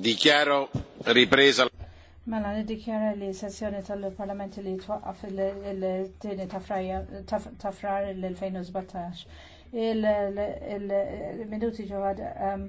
Dichiaro ripresa. Mela nidikjara li sessjoni tal-Parlament li twaqqaf il tini ta' frar l-2017. Il-minuti ġewwa um,